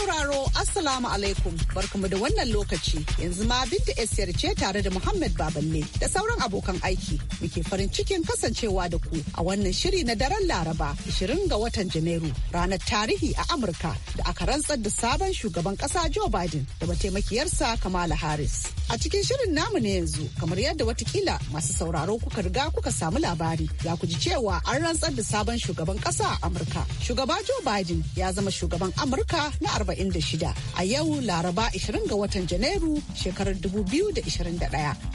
sauraro Assalamu alaikum barkamu da wannan lokaci yanzu ma Binta Esiyar ce tare da Muhammad Baballe da sauran abokan aiki muke farin cikin kasancewa da ku a wannan shiri na daren Laraba 20 ga watan Janairu ranar tarihi a Amurka da aka rantsar da sabon shugaban kasa Joe Biden da mataimakiyarsa Kamala Harris. A cikin shirin namu ne yanzu kamar yadda watakila masu sauraro kuka riga kuka samu labari za ku ji cewa an rantsar da sabon shugaban kasa a Amurka. Shugaba Joe Biden ya zama shugaban Amurka na 46 a yau Laraba 20 ga watan Janairu shekarar 2021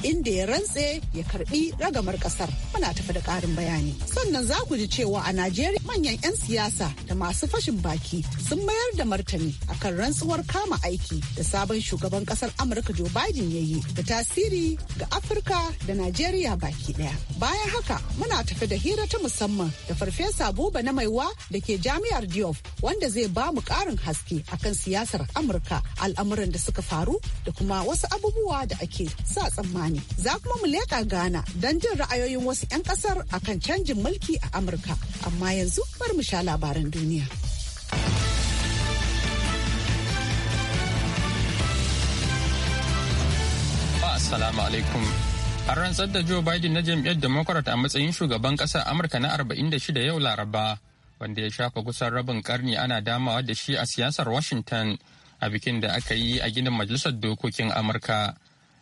inda ya rantse ya karbi ragamar kasar. Muna tafi da karin bayani. Sannan za ku ji cewa a Najeriya manyan 'yan siyasa da masu fashin baki sun mayar da martani akan rantsuwar kama aiki da sabon shugaban kasar Amurka Joe Biden ya yi da tasiri ga Afirka da Najeriya baki daya. Bayan haka muna tafi da hira ta musamman da Farfesa Buba na Maiwa da ke Jami'ar Diof wanda zai ba mu ƙarin haske a kan siyasar Amurka al'amuran da suka faru da kuma wasu abubuwa da ake sa tsammani. Za kuma mu leƙa gana don jin ra'ayoyin wasu 'yan ƙasar kan canjin mulki a Amurka. Amma yanzu bar mu sha labaran duniya. Assalamu alaikum. An rantsar da Joe Biden na jam'iyyar Democrat a matsayin shugaban ƙasar Amurka na 46 yau Laraba. wanda ya shafa kusan rabin karni ana damawa da shi a siyasar washington a bikin da aka yi a ginin majalisar dokokin amurka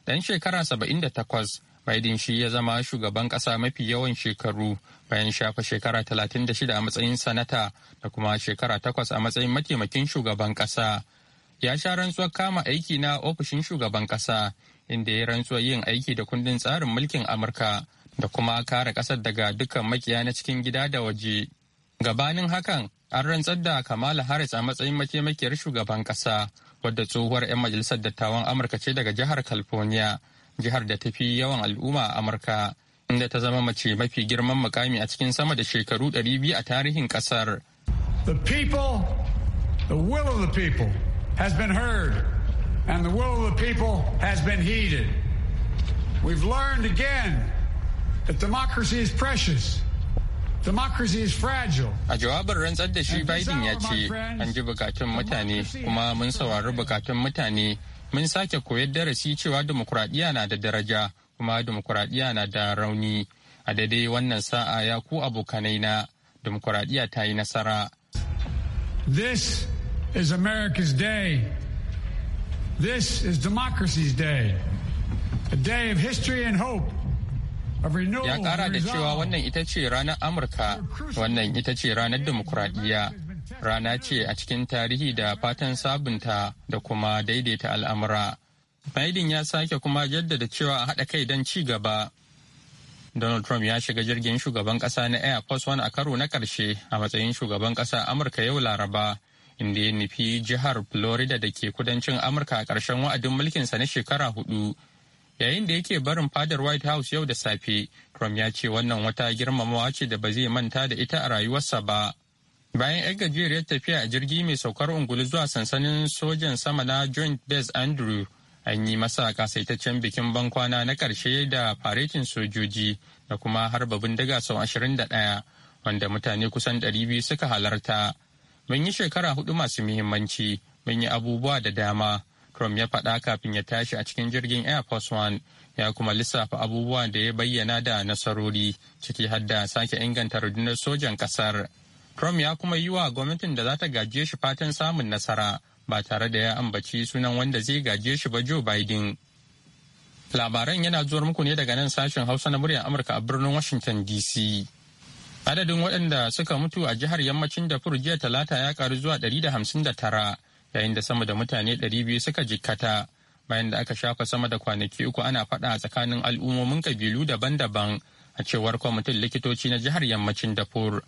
dan shekara 78 biden shi ya zama shugaban kasa mafi yawan shekaru bayan shafa shekara 36 a matsayin sanata da kuma shekara 8 a matsayin mataimakin shugaban kasa ya sha rantsuwar kama aiki na ofishin shugaban kasa inda ya rantsuwa yin aiki da kundin tsarin mulkin amurka da kuma kare kasar daga dukkan makiya na cikin gida da waje Gabanin hakan, an rantsar da Kamala Harris a matsayin mataimakiyar shugaban kasa wadda tsohuwar 'yan majalisar dattawan Amurka ce daga jihar California, jihar da ta fi yawan al'umma a Amurka, inda ta zama mace mafi girman mukami a cikin sama da shekaru 200 a tarihin kasar. The people, the will of the people has been heard, and the will of the people has been heeded. We've learned again that democracy is precious. A jawabin rantsar da shi Biden ya ce, an ji bukatun mutane kuma mun saurari bukatun mutane mun sake koyar darasi cewa demokuraɗiyya na da daraja kuma demokuraɗiyya na da rauni. A daidai wannan sa'a ya ku abokanai na demokuraɗiyya ta yi nasara. This is America's day. This is democracy's day. A day of history and hope. ya kara da cewa wannan ita ce ranar amurka wannan ita ce ranar demokuraɗiyya rana ce a cikin tarihi da fatan sabunta da kuma daidaita al'amura biden ya sake kuma jaddada cewa a haɗa kai don ci gaba donald trump ya shiga jirgin shugaban ƙasa na air force one a karo na ƙarshe a matsayin shugaban ƙasa amurka yau laraba inda ya nufi jihar florida da ke kudancin amurka a ƙarshen wa'adin mulkinsa na shekara hudu yayin da yake barin fadar white house yau da safe trump ya ce wannan wata girmamawa ce da ba zai manta da ita a rayuwarsa ba bayan yan gajeriyar tafiya a jirgi mai saukar ungulu zuwa sansanin sojan sama na joint base andrew an yi masa kasaitaccen bikin bankwana na karshe da faretin sojoji da kuma harba bindiga sau 21 wanda mutane kusan 200 suka halarta mun yi shekara hudu masu muhimmanci mun yi abubuwa da dama crom ya faɗa kafin ya tashi a cikin jirgin Air Force One ya kuma lissafa abubuwan da ya bayyana da nasarori ciki har da sake inganta rundunar sojan ƙasar. Trump ya kuma yi wa gwamnatin da za ta gaje shi fatan samun nasara ba tare da ya ambaci sunan wanda zai gaje shi ba Joe Biden. Labaran yana zuwar muku ne daga nan sashen Hausa na muryar Amurka a birnin Washington DC. Adadin waɗanda suka mutu a jihar yammacin da jiya talata ya karu zuwa 159 yayin da sama da mutane 200 suka jikkata bayan da aka shafa sama da kwanaki uku ana faɗa a tsakanin al'ummomin kabilu daban-daban a cewar kwamitin likitoci na jihar yammacin dafur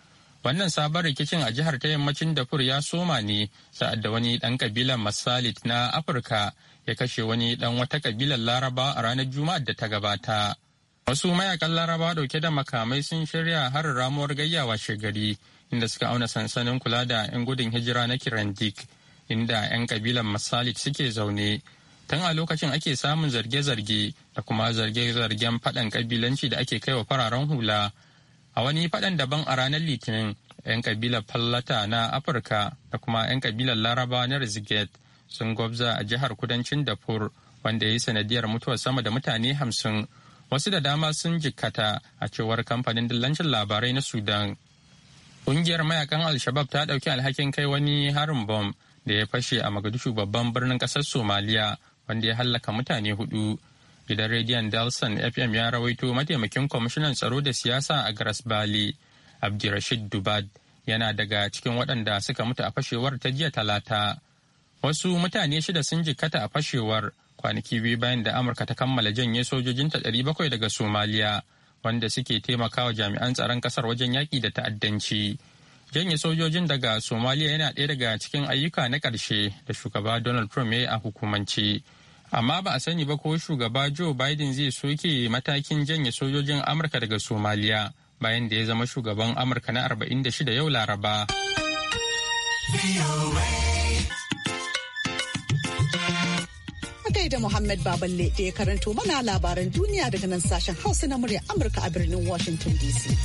wannan sabon rikicin a jihar ta yammacin dafur ya soma ne sa'ad da wani dan kabilan masalit na afirka ya kashe wani dan wata kabilar laraba a ranar juma'ar da ta gabata wasu mayakan laraba dauke da makamai sun shirya har ramuwar gayyawa shigari inda suka auna sansanin kula da 'yan gudun hijira na kirandik inda 'yan kabilan Masalit suke zaune. Tun a lokacin ake samun zarge-zarge da kuma zarge-zargen faɗan kabilanci da ake kaiwa fararen hula. A wani faɗan daban a ranar Litinin, 'yan kabilar Fallata na Afirka da kuma 'yan kabilar Laraba na Rizget sun gwabza a jihar kudancin Dafur wanda ya yi sanadiyar mutuwar sama da mutane hamsin. Wasu da dama sun jikkata a cewar kamfanin dillancin labarai na Sudan. Ƙungiyar mayakan Al-Shabab ta ɗauki alhakin kai wani harin bom da ya fashe a Mogadishu babban birnin kasar Somaliya wanda ya hallaka mutane hudu. Gidan rediyon Dalson FM ya rawaito mataimakin kwamishinan tsaro da siyasa a Gras Bali, Abdirashid Dubad, yana daga cikin waɗanda suka mutu a fashewar ta jiya talata. Wasu mutane shida sun jikkata a fashewar kwanaki biyu bayan da Amurka ta kammala janye sojojinta bakwai daga Somaliya, wanda suke taimakawa jami'an tsaron ƙasar wajen yaƙi da ta'addanci. janye sojojin daga somaliya yana ɗaya daga cikin ayyuka na ƙarshe da shugaba donald trump ya yi a hukumanci amma ba a sani ba ko shugaba joe biden zai soke matakin janye sojojin amurka daga somaliya bayan da ya zama shugaban amurka na 46 yau laraba da Muhammad Baballe da ya karanto mana labaran duniya daga nan sashen Hausa na murya Amurka a birnin Washington DC.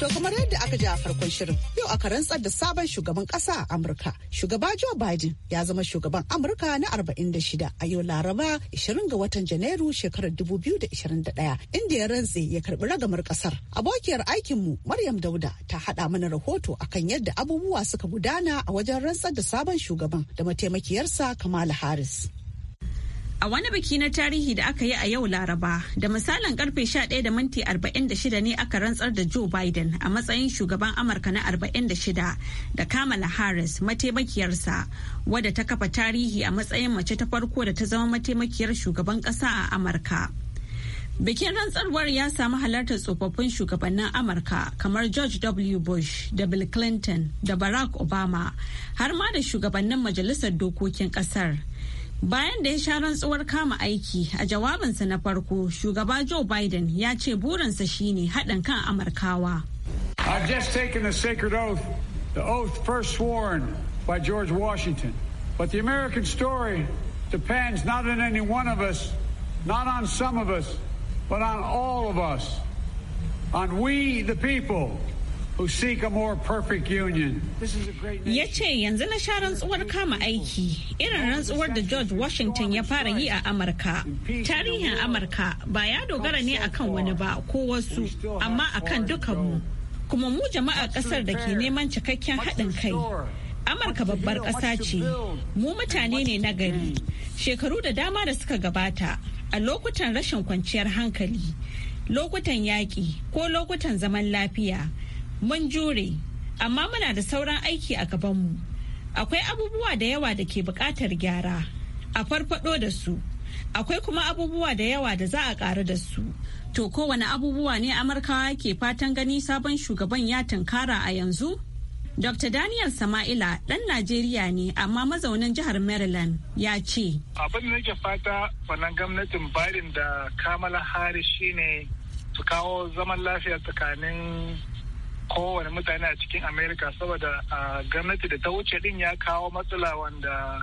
To kamar yadda aka ji a farkon shirin yau aka rantsar da sabon shugaban kasa a Amurka. Shugaba Joe Biden ya zama shugaban Amurka na 46 a yau Laraba 20 ga watan Janairu shekarar 2021 inda ya rantse ya karbi ragamar kasar. Abokiyar aikinmu Maryam Dauda ta haɗa mana rahoto akan yadda abubuwa suka gudana a wajen rantsar da sabon shugaban da mataimakiyarsa Kamala Harris. A wani biki na tarihi da aka yi a yau Laraba, da misalin karfe 11:46 da minti shida ne aka rantsar da Joe Biden a matsayin shugaban Amurka na 46 da Kamala Harris mataimakiyarsa wadda ta kafa tarihi a matsayin mace ta farko da ta zama mataimakiyar shugaban ƙasa a Amurka. Bikin rantsarwar ya samu halartar tsofaffin shugabannin Amurka kamar George W. Bush da Bill Clinton da Barack Obama har ma da shugabannin majalisar dokokin ƙasar. Bayan da ya sha rantsuwar kama aiki a jawabinsa na farko, shugaba Joe Biden ya ce burinsa shine haɗin kan Amurkawa. I've just taken the sacred oath, the oath first sworn by George Washington. But the American story depends not on any one of us, not on some of us, but on all of us. On we, the people, Ya ce yanzu na sha rantsuwar kama aiki irin rantsuwar da George Washington ya fara yi a Amurka. Tarihin Amurka ba ya dogara ne akan wani ba ko wasu amma akan mu Kuma mu jama'a kasar da ke neman cikakken haɗin kai. Amurka babbar ƙasa ce, mu mutane ne na gari. Shekaru da dama da suka gabata a lokutan rashin kwanciyar hankali, lokutan yaƙi ko lokutan zaman lafiya. mun jure amma muna da sauran aiki a gabanmu akwai abubuwa da yawa da ke buƙatar gyara a farfado da su akwai kuma abubuwa da yawa da za a ƙaru da su to kowane abubuwa ne amurkawa ke fatan gani sabon shugaban ya tunkara a yanzu Dr. Daniel Sama'ila ɗan Najeriya ne amma mazaunin jihar Maryland ya ce. Abin da nake fata wannan gwamnatin Biden da Kamala Harris shine su kawo zaman lafiya tsakanin kowane mutane a cikin america saboda gwamnati da ta wuce din ya kawo matsala wanda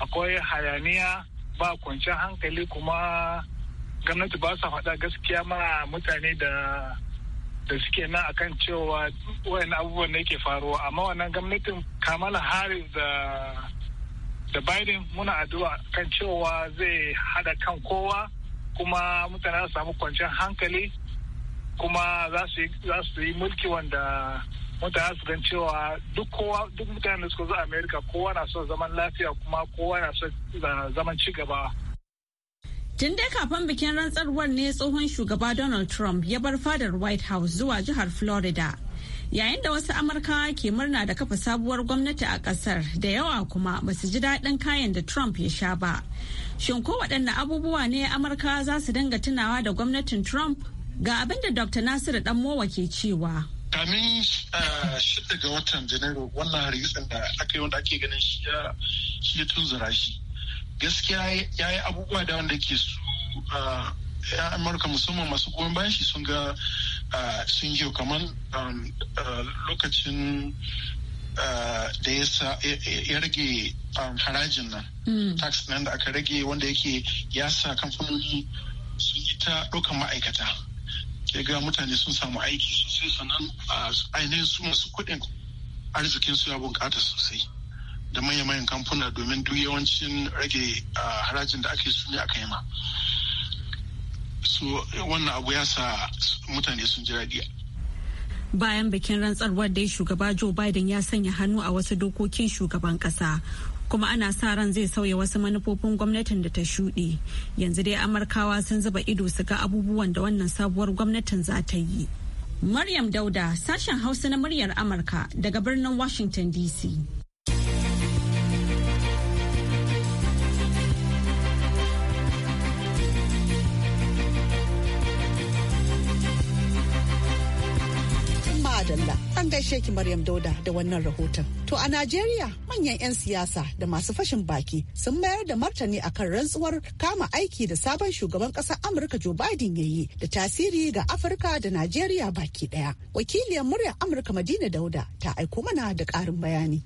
akwai hayaniya ba kwanciyar hankali kuma gwamnati ba su faɗa gaskiya ma mutane da da suke nan akan cewa wayan abubuwan da yake faruwa amma wannan gwamnatin kamala harris da da biden muna addu'a kan cewa zai hada kan kowa kuma mutane su samu kwanciyar hankali kuma za su yi mulki wanda mutane su gan cewa duk kowa duk mutane da suka zo america kowa na son zaman lafiya kuma kowa na son zaman ci gaba tun dai kafin bikin rantsarwar ne tsohon shugaba donald trump ya bar fadar white house zuwa jihar florida yayin da wasu amurkawa ke murna da kafa sabuwar gwamnati a kasar da yawa kuma ba su ji daɗin kayan da trump ya sha ba shin ko waɗanne abubuwa ne amurkawa za su dinga tunawa da gwamnatin trump Ga abin da Dr. Nasiru Danmowa ke cewa. Kamin uh, shida ga watan Janairu wannan hargitsin da aka yi wanda ake ganin shi ya tunzura shi. Gaskiya ya yi abubuwa da wanda ke su uh, ya amurka musamman masu goyon bayan shi sun ga uh, sun yi kamar um, lokacin da ya rage um, harajin nan mm. tax nan da aka rage wanda yake ya sa kamfanoni sun yi ta ɗaukan ma'aikata sai ga mutane sun samu aiki sosai sannan ainihin su masu kuɗin su ya bunƙata sosai da manya-manyan kamfuna domin duk yawancin rage harajin da ake su ne aka yi ma so wannan abu ya sa mutane sun ji radiya bayan bikin rantsarwar dai shugaba joe biden ya sanya hannu a wasu dokokin shugaban kasa kuma ana sa ran zai sauya wasu manufofin gwamnatin da ta shuɗe yanzu dai amurkawa sun zuba ido su ga abubuwan da wannan sabuwar gwamnatin za ta yi maryam dauda sashen hausa na muryar amurka daga birnin washington dc An gaishe Maryam Dauda da wannan rahoton. To a Najeriya manyan 'yan siyasa da masu fashin baki sun mayar da martani akan rantsuwar kama aiki da sabon shugaban ƙasar Amurka Joe Biden ya yi da tasiri ga Afirka da Najeriya baki ɗaya. Wakiliyar muryar Amurka Madina Dauda ta aiko mana da ƙarin bayani.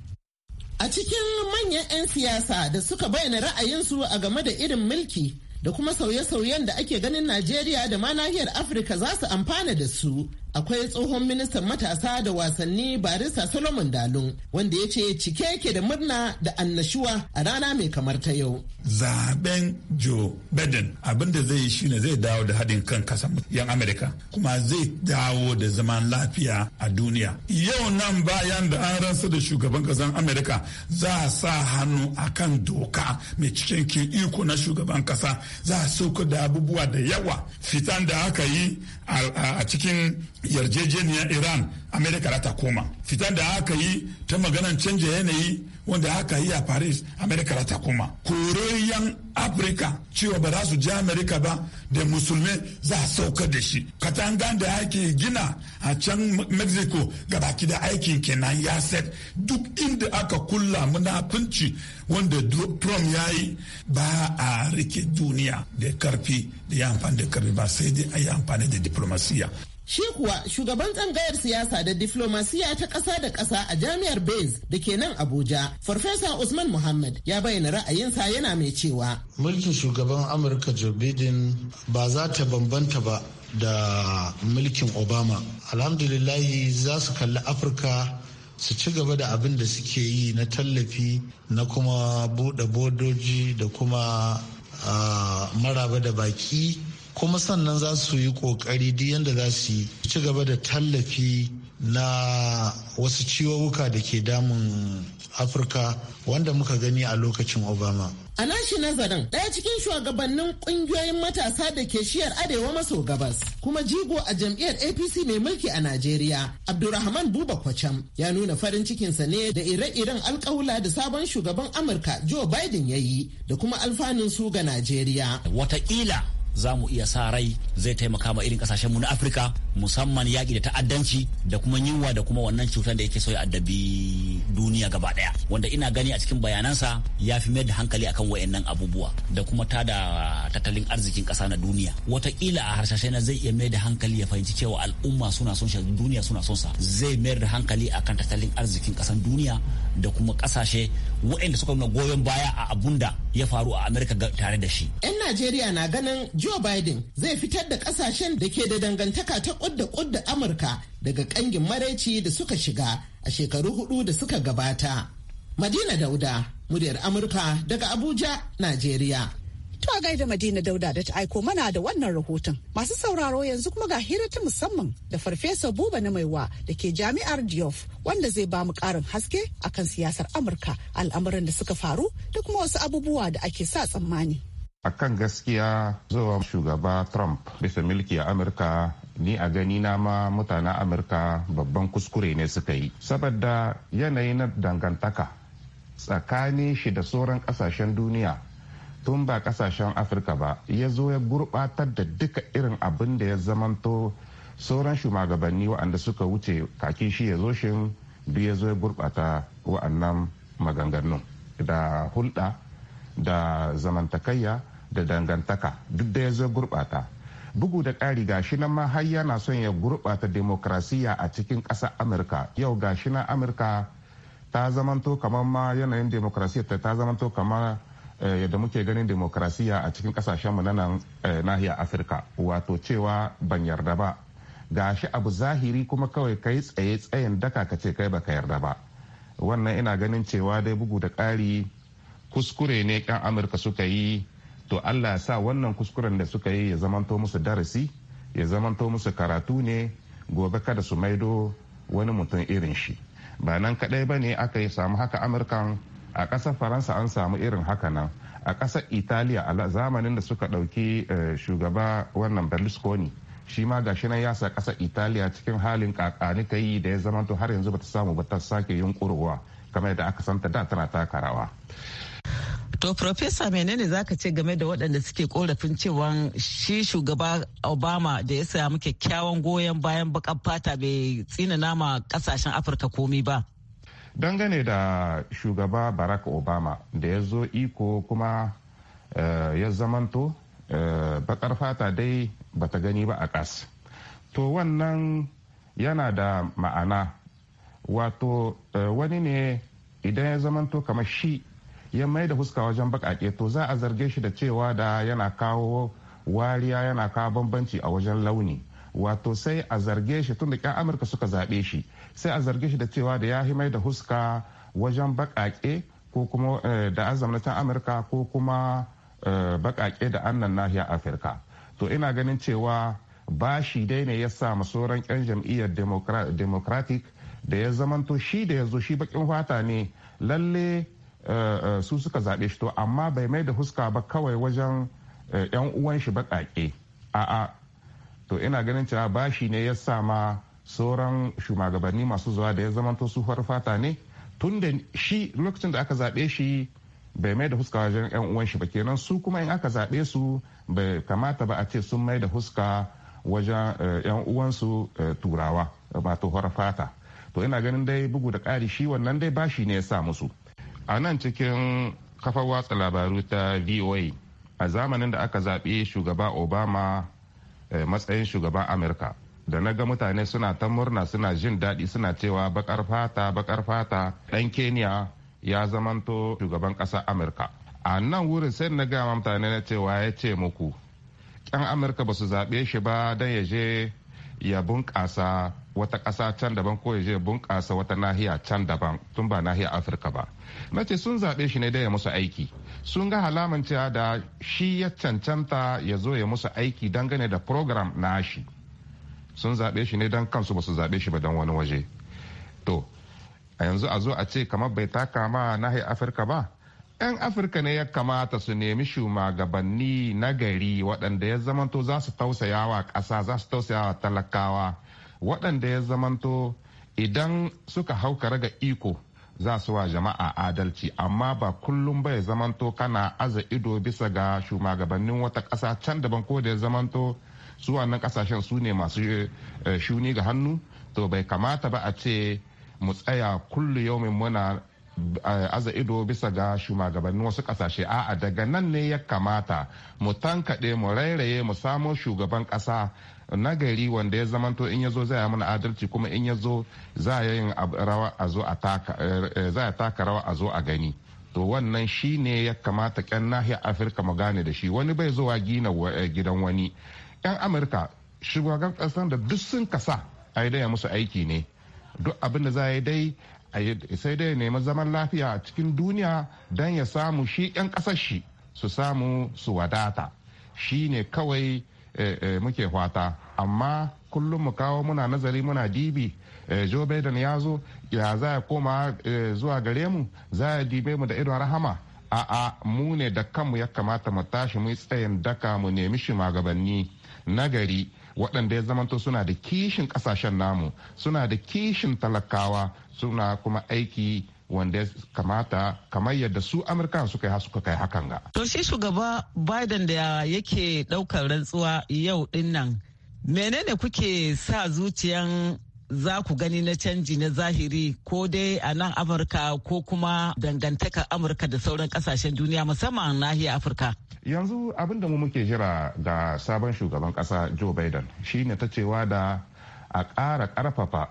A cikin manyan 'yan siyasa da suka bayyana ra'ayinsu a game da irin mulki da kuma sauye-sauyen da ake ganin Najeriya da ma nahiyar Afirka za su amfana da su. akwai tsohon ministan matasa da wasanni barista solomon dalun wanda ya ce cike yake da murna da annashuwa a rana mai kamar ta yau zaben joe biden abinda zai yi shine zai dawo da haɗin kan kasan yan amerika kuma zai dawo da zaman lafiya a duniya yau nan bayan da an ransa da shugaban kasan amerika za a sa hannu akan doka mai cikin ke iko na shugaban kasa za a sauka da abubuwa da yawa fitan da aka yi a cikin yarjejeniyar iran amerika da ta koma fitan da aka yi ta maganan canja yanayi wanda aka yi a paris amerika da ta koma koriyan afirka cewa ba za su ji amerika ba da musulmi za a saukar da shi katanga da ake gina a can mexico gabaki da aikin kenan ya set duk inda aka kulla munafunci wanda trump ya yi ba a rike duniya da karfi da ya amfani da karfi ba sai dai a yi amfani da diplomasiya Shi kuwa shugaban tsangayar siyasa da diflomasiya ta ƙasa da ƙasa a jami'ar Bez da ke nan Abuja, Farfesa Usman Muhammad ya bayyana ra'ayinsa yana mai cewa. Mulkin shugaban Amurka Joe Biden ba za ta bambanta ba da mulkin Obama. Alhamdulillahi za su kalli Afirka su ci gaba da abin da suke yi na tallafi na kuma buɗe bodoji da kuma ah, maraba da baki kuma sannan za su yi kokari duk yadda za su yi ci gaba da tallafi na wasu ciwuwuka da ke damun afirka wanda muka gani a lokacin obama a nashi nazarin daya cikin shugabannin kungiyoyin matasa da ke shiyar arewa maso gabas kuma jigo a jam'iyyar apc mai mulki a najeriya abdulrahman buba kwacham ya nuna farin cikinsa ne da ire-iren alkawula da sabon shugaban amurka joe biden ya yi da kuma alfanun su ga najeriya watakila za mu iya sa rai zai taimaka ma irin kasashenmu na afirka musamman yaƙi da ta'addanci da kuma yunwa da kuma wannan cutar da yake so ya addabi duniya gaba ɗaya wanda ina gani a cikin bayanansa ya fi mayar da hankali akan wayannan abubuwa da kuma ta da tattalin arzikin ƙasa na duniya wataƙila a harshe na zai iya mayar da hankali ya fahimci cewa al'umma suna son shi duniya suna son sa zai mayar da hankali akan tattalin arzikin ƙasan duniya da kuma ƙasashe waɗanda suka nuna goyon baya a abunda ya faru a Amerika tare da shi 'yan najeriya na ganin Joe Biden zai fitar da kasashen da ke da dangantaka ta kudda kudda Amurka daga kangin maraici da suka shiga a shekaru hudu da suka gabata. Madina Dauda, muryar Amurka daga Abuja, Najeriya. To gaida Madina Dauda da ta aiko mana da wannan rahoton. Masu sauraro yanzu kuma ga hira ta musamman da Farfesa Buba na Maiwa da ke Jami'ar Diof wanda zai ba mu karin haske akan siyasar Amurka, al'amuran da suka faru da kuma wasu abubuwa da ake sa tsammani. akan gaskiya zuwa shugaba trump bisa milki a amurka ni a gani na ma mutanen amurka babban kuskure ne suka yi saboda yanayi na dangantaka tsakanin shi da sauran kasashen duniya tun ba kasashen afirka ba ya zo ya gurbatar da duka irin abin da ya zamanto sauran shugabanni waɗanda suka wuce kakin shi ya zo shin duk ya zo ya gurbata wa'annan maganganun da hulɗa da zamantakayya da dangantaka duk da ya zo gurbata bugu da ƙari gashi nan ma har yana son ya gurbata demokrasiya a cikin ƙasar amurka yau gashi na amurka ta zamanto kamar ma yanayin demokrasiya ta ta zamanto kamar eh, yadda muke ganin demokrasiya a cikin ƙasashenmu na nan eh, nahiyar afirka wato cewa ban yarda ba gashi abu zahiri kuma kawai kai tsaye tsayin daka ka ce kai baka yarda ba wannan ina ganin cewa dai bugu da ƙari kuskure ne kan amurka suka yi to allah sa wannan kuskuren da suka yi ya zamanto musu darasi ya zamanto musu karatu ne gobe kada su maido wani mutum irin shi ba nan kadai ba ne aka yi samu haka amurkan a ƙasar faransa an samu irin haka nan a ƙasar italiya a zamanin da suka ɗauki eh, shugaba wannan berlusconi shi ma gashi nan ya sa ƙasar italiya cikin halin kakani ta yi da ya zamanto har yanzu ba ta samu ba ta sake yunkurowa kamar yadda aka santa da tana taka rawa To, Profesa menene za ka ce game da waɗanda suke korafin cewa shi shugaba Obama da ya samu kyakkyawan goyon bayan bakan fata bai tsina nama ƙasashen Afirka komi ba? Dangane da shugaba Barack Obama da ya zo iko kuma eh, ya zamanto eh, bakar fata dai bata gani ba a ƙas. To wannan yana da ma'ana wato eh, wani ne idan ya zamanto kamar shi ya mai da fuska wajen bakake to za a zarge shi da cewa da yana kawo wariya yana kawo bambanci a wajen launi wato sai a zarge shi tun da kyan amurka suka zaɓe shi sai a zarge shi da cewa da ya mai da huska wajen bakake ko kuma eh, da azamnatan amurka ko kuma eh, bakake da annan nahiyar afirka to ina ganin cewa ba shi dai ne ya sa masoran yan jam'iyyar democratic da ya zamanto shi da ya zo shi bakin fata ne lalle Eh, eh, su suka zaɓe shi to amma bai mai da huska ba kawai wajen yan eh, uwan shi baƙaƙe a'a to ina ganin cewa bashi ne ya sama sauran shugabanni masu zuwa da ya zamanto su fata ne tun da shi lokacin da aka zaɓe shi bai mai da huska wajen yan uwan shi ba kenan su kuma in aka zaɓe su bai kamata ba a ce sun mai da huska wajen yan uwansu turawa to fata to ina ganin dai bugu da ƙari shi wannan dai bashi ne ya sa musu a nan cikin kafar watsa labaru ta voa a zamanin da aka zaɓi shugaba obama eh, matsayin shugaban amurka da na ga mutane suna ta murna suna jin daɗi suna cewa bakar fata bakar fata ɗan kenya ya zamanto shugaban ƙasa amurka a nan wurin sai na gama mutane na cewa ya ce muku ƙyan amurka ba su zaɓe shi ba don ya je ya bunƙasa wata ƙasa can daban ko ya je bunƙasa wata nahiya can daban tun ba nahiya afirka ba na ce sun zaɓe shi ne da ya musu aiki sun ga halaman cewa da shi ya cancanta ya zo ya musu aiki dangane da program na shi sun zaɓe shi ne don kansu ba su zaɓe shi ba don wani waje to a yanzu a zo a ce kamar bai taka ma nahiya afirka ba 'yan afirka ne ya kamata su nemi shugabanni na gari waɗanda ya zamanto za su tausayawa ƙasa za su tausayawa talakawa waɗanda ya zamanto idan suka hauka raga iko za su wa jama'a adalci amma ba kullum ba ya zamanto kana aza ido bisa ga shugabannin wata ƙasa can daban ko da ya zamanto su wannan ƙasashen su ne masu eh, shuni ga hannu to bai kamata ba a ce mu tsaya kullu yaumin muna eh, aza ido bisa ga shugabannin wasu ƙasashe a'a daga nan ne ya kamata mu tankaɗe mu rairaye mu samo shugaban ƙasa nagari wanda ya zamanto in ya zo zai mana adalci kuma in ya zo za a yi rawa a zo a taka eh, eh, a taka rawa a zo a gani to wannan shi ne ya kamata yan nahiyar afirka mu gane da shi wani bai zuwa gina eh, gidan wani yan amurka shugaban kasar da duk sun kasa a yi musu aiki ne duk abin da za a yi dai sai dai nemi zaman lafiya a cikin duniya don ya samu shi 'yan kasar shi su samu su wadata shi ne kawai Eh, eh, muke fata amma kullum mu kawo muna nazari muna dibi eh, joe biden ya zo ya za ya koma zuwa gare mu za ya dibe mu da idon rahama a'a mu ne da kanmu ya kamata mu tashi mu tsayin daka mu nemi shimagabanni na gari waɗanda ya zamanto suna da kishin ƙasashen namu suna da kishin talakawa suna kuma aiki wanda ya kamata kamar yadda su amurkan suka yi suka kai hakan ga. to shi shugaba biden da yake daukar rantsuwa yau din nan menene kuke sa zuciyan za ku gani na canji na zahiri ko dai a nan amurka ko kuma dangantakar amurka da sauran kasashen duniya musamman nahiyar afirka yanzu abin da mu muke jira ga sabon shugaban kasa joe biden shine ta cewa da a ƙara ƙarfafa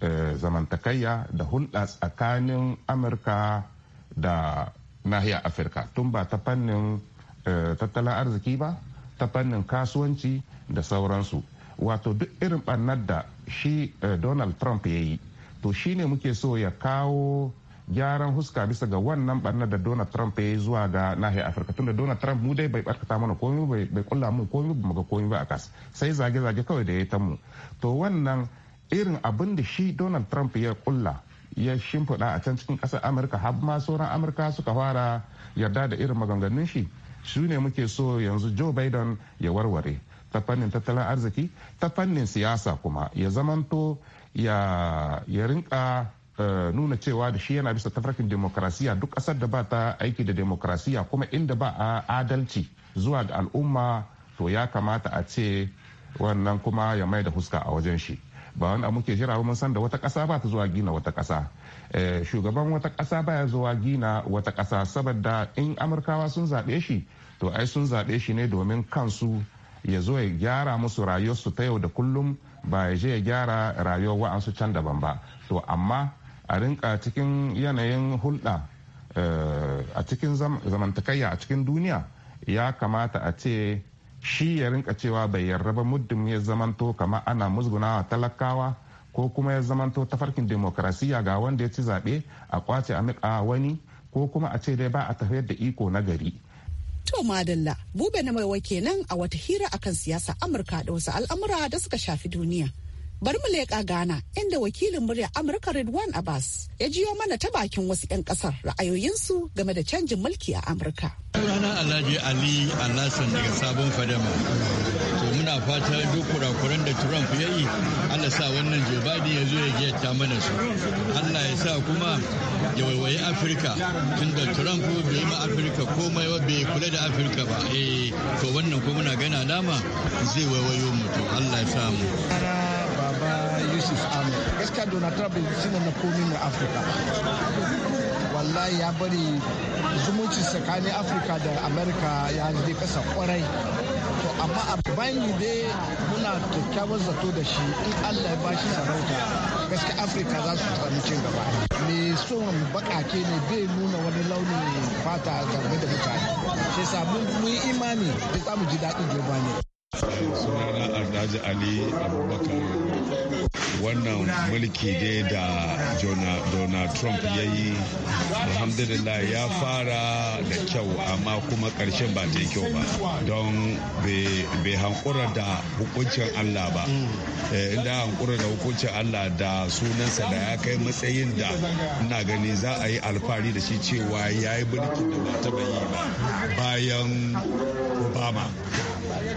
Eh, zamantakayya da hulɗa tsakanin amurka da nahiyar afirka tun ba ta fannin eh, tattalin arziki ba ta fannin kasuwanci da sauransu wato duk irin ɓannar da shi eh, donald trump ya yi to ne muke so ya kawo gyaran huska bisa ga wannan ɓannar da donald trump ya yi zuwa ga nahiyar afirka tunda donald trump mu dai bai barkata mana komi bai kulla mu komi ba ga komi ba a kas sai zage-zage kawai da ya yi ta mu to wannan irin abin da shi donald trump ya kulla ya shimfiɗa a can cikin ƙasar amurka har ma sauran amurka suka fara yarda da irin maganganun shi su ne muke so yanzu joe biden ya warware ta fannin tattalin arziki ta fannin siyasa kuma ya zamanto ya rinka eh, nuna cewa da shi yana bisa tafarkin demokrasiya duk ƙasar da ba ta aiki da demokrasiya kuma inda ba a adalci zuwa ga al'umma to ya kamata a ce wannan kuma ya mai da huska a wajen shi ba wani abu muke jira mun san da wata kasa ba ta zuwa gina wata ƙasa eh, shugaban wata ƙasa baya zuwa gina wata ƙasa saboda in amurkawa sun zaɓe shi to ai sun zaɓe shi ne domin kansu ya zo ya gyara musu rayuwarsu ta yau da kullum ba ya je ya gyara rayuwar wa'ansu can daban ba to amma a rinka cikin yanayin hulɗa eh, a cikin zamantakayya a cikin duniya ya kamata a ce shi ya rinka cewa bai yarda ba muddin ya zamanto kamar ana musgunawa talakawa ko kuma ya zamanto tafarkin demokrasiya ga wanda ya ci zaɓe a kwace a miƙa wani ko kuma a ce dai ba a tafiyar da iko na gari. To Madalla, Bube na mai kenan a wata hira akan siyasa Amurka da wasu al'amura da suka shafi duniya. bari mu leƙa Ghana inda wakilin murya Amurka Ridwan Abbas ya jiyo mana ta bakin wasu 'yan ƙasar ra'ayoyinsu game da canjin mulki a Amurka. Sunana Alhaji Ali Alhassan daga Sabon Fadama. To muna fata duk kurakuran da Trump ya yi Allah sa wannan Joe Biden ya zo ya gyatta mana su. Allah ya sa kuma ya waiwayi Afirka tunda Trump bai yi ma Afirka komai ba bai kula da Afirka ba. Eh to wannan ko muna gana dama zai waiwayo mu to Allah ya sa mu. shugaba yusuf ahmed gaskiya donald trump shine na komi na afirka wallahi ya bari zumunci tsakanin afirka da amerika ya zai kasa kwarai to amma a bayan dai muna kyakkyawar zato da shi in allah ya bashi sarauta gaskiya afirka za su sami cin gaba me son bakake ne bai nuna wani launi fata game da mutane sai samu mun imani da za mu ji daɗin gobe ne sunana Ardaji ali abubakar wannan mulki dai da donald trump ya yi alhamdulillah ya fara da kyau amma kuma karshen ba ta yi kyau ba don bai hankura da hukuncin allah ba eh, inda hankura da hukuncin allah da sunansa da ya kai matsayin da na gani za a yi alfahari da shi cewa ya yi mulki da ba ta yi ba bayan obama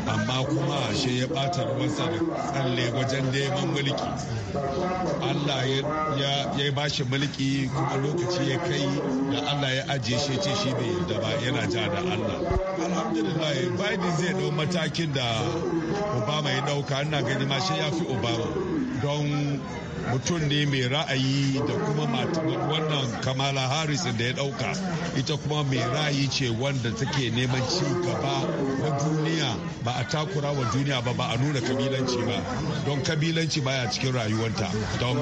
amma kuma ashe ya ɓata ruwansa da tsalle wajen neman mulki allah ya ba shi mulki kuma lokaci ya kai da allah ya ajiye shi ce shi bai yarda ba yana ja da allah alhamdulillah biden zai ɗau matakin da obama ya dauka ina gani ma shi ya fi obama don mutum ne mai ra'ayi da kuma wannan kamala harris da ya dauka ita kuma mai ra'ayi ce wanda take neman ci gaba na duniya ba a takura wa duniya ba ba a nuna kabilanci ba don kabilanci baya cikin rayuwarta don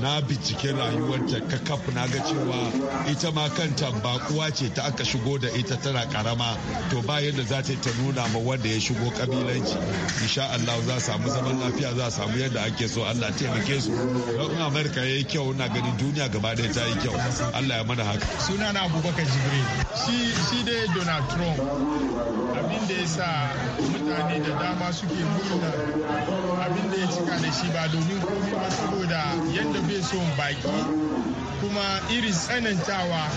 na binciken rayuwarta kakaf na ga cewa ita ma kanta bakuwa ce ta aka shigo da ita tana karama to ba yadda za ta nuna ma wanda ya shigo kabilanci insha Allah za a samu zaman lafiya za a samu yadda ake so Allah taimake su don Amerika yi kyau na ganin duniya gaba ɗaya ta yi kyau Allah ya mana haka suna na Abubakar Jibril shi shi dai Donald Trump abin da ya sa mutane da dama suke murna abin da ya cika da shi ba domin komai ba saboda yadda bai son baki kuma irin tsanantawa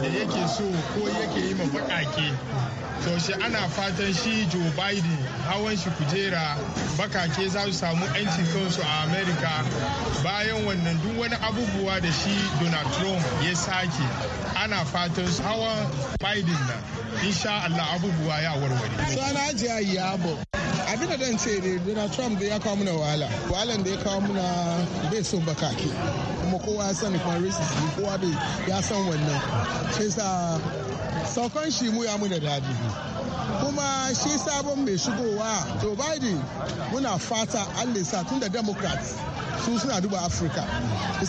da yake so ko yake yi ma baƙaƙe to shi ana fatan shi joe biden hawan shi kujera bakake za su samu 'yancin kansu a america bayan wannan duk wani abubuwa da shi donald trump ya sake ana fatan hawan biden na insha allah abubuwa ya warware sana yabo abin da dan ce ne donald trump da ya kawo muna wahala wahalan da ya kawo muna bai son bakake kuma kowa ya sani kuma kowa bai ya san wannan shi sa saukan shi mu ya mu da dadi kuma shi sabon mai shigowa joe biden muna fata allah sa tun da democrats su suna duba afirka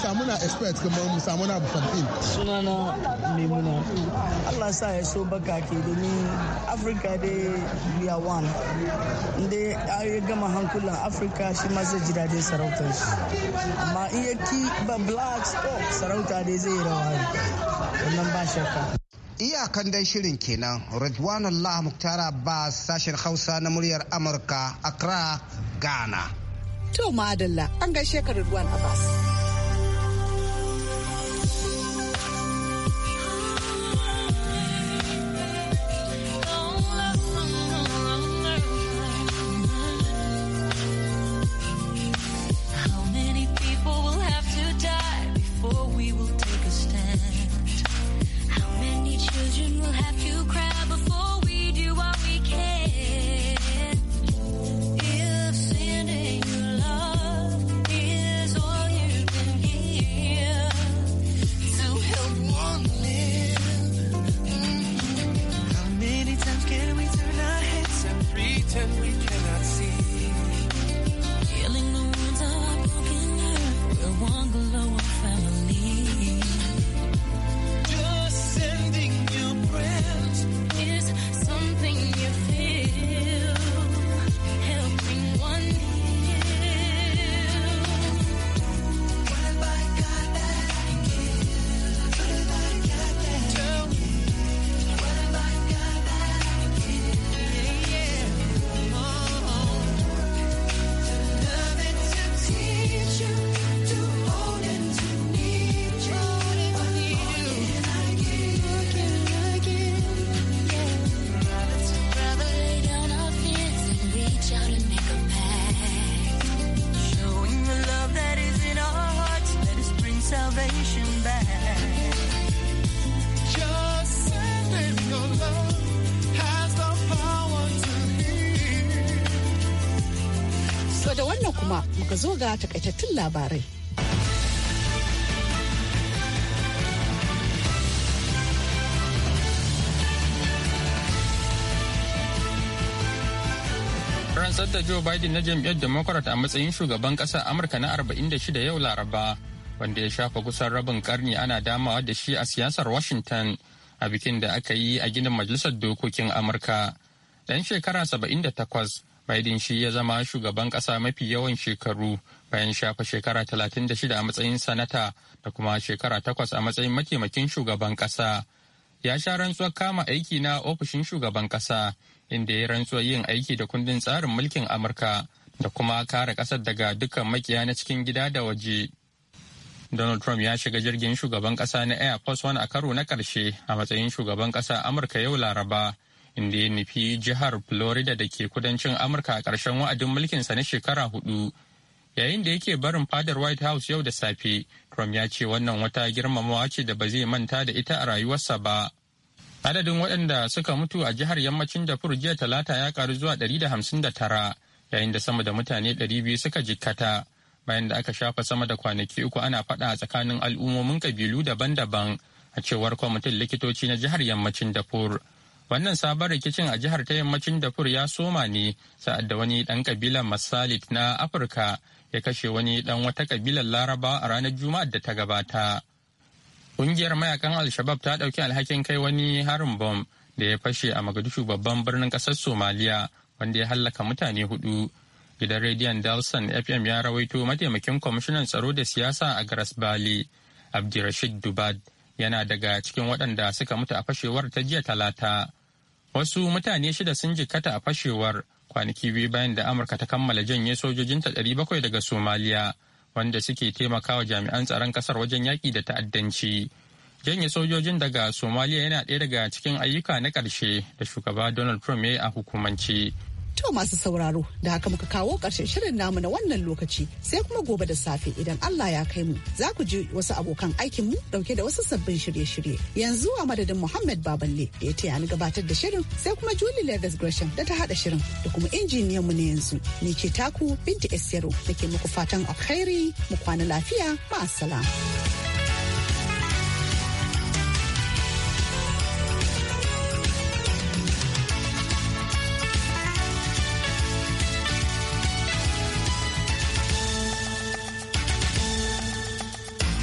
samu na expert kuma mu samu na campaign sunana memuna allah sa ya so baka ke domin afirka dai we are one inda ya gama hankulan afirka shi ma zai ji daɗin sarautar shi amma in ya ki ba black sport sarauta dai zai rawa wannan ba shakka iyakan dai shirin kenan Ridwan Allah Muktara ba sashen Hausa na muryar Amurka Accra Ghana To madalla an gaishe ka Ridwan Abbas. muka zo ga takaitattun labarai. rantsar da Joe Biden na jam'iyyar Democrat a matsayin shugaban ƙasar Amurka na 46 yau Laraba, wanda ya shafa kusan rabin karni ana damawa da shi a siyasar Washington a bikin da aka yi a ginin Majalisar Dokokin Amurka. Ɗan shekara 78 Biden shi ya zama shugaban ƙasa mafi yawan shekaru bayan shafa shekara 36 a matsayin sanata da kuma shekara takwas a matsayin mataimakin shugaban ƙasa. Ya sha rantsuwar kama aiki na ofishin shugaban ƙasa inda ya rantsuwa yin aiki da kundin tsarin mulkin Amurka da kuma kare ƙasar daga dukkan makiya na cikin gida da waje. Donald Trump ya shiga jirgin shugaban ƙasa na Air Force One a karo na karshe a matsayin shugaban ƙasa Amurka yau Laraba. inda ya nufi jihar Florida da ke kudancin Amurka a ƙarshen wa'adin mulkinsa na shekara hudu. Yayin da yake barin fadar White House yau da safe, Trump ya ce wannan wata girmamawa ce da ba zai manta da ita a rayuwarsa ba. Adadin waɗanda suka mutu a jihar yammacin da jiya talata ya ƙaru zuwa ɗari da da hamsin tara yayin da sama da mutane 200 suka jikkata. Bayan da aka shafa sama da kwanaki uku ana faɗa a tsakanin al'ummomin kabilu daban-daban a cewar kwamitin likitoci na jihar yammacin Darfur. wannan sabon rikicin a jihar ta yammacin dafur ya soma ne sa'ad da wani ɗan kabilar masalit na afirka ya kashe wani ɗan wata kabilar laraba a ranar juma'ar da ta gabata ƙungiyar mayakan al-shabab ta ɗauki alhakin kai wani harin bom da ya fashe a magadishu babban birnin ƙasar somaliya wanda ya hallaka mutane hudu gidan rediyon dalson fm ya rawaito mataimakin kwamishinan tsaro da siyasa a gras bali abdirashid dubad yana daga cikin waɗanda suka mutu a fashewar ta jiya talata Wasu mutane shida sun jikkata a fashewar kwanaki biyu bayan da Amurka ta kammala janye sojojinta 700 daga Somaliya wanda suke taimakawa jami'an tsaron kasar wajen yaƙi da ta'addanci. Janye sojojin daga Somaliya yana ɗaya daga cikin ayyuka na ƙarshe da shugaba Donald Trump ya yi a hukumance. To masu sauraro da haka muka kawo ƙarshen shirin namu na wannan lokaci sai kuma gobe da safe idan Allah ya kai mu za ku ji wasu abokan aikin mu dauke da wasu sabbin shirye-shirye. Yanzu a madadin Muhammad Baballe da ya taya ni gabatar da shirin sai kuma Julie Lagos Gresham da ta hada shirin da kuma injiniyan mu na yanzu. Ni ce taku Binta Esiyaro da ke muku fatan alkhairi mu kwana lafiya ma'asalam.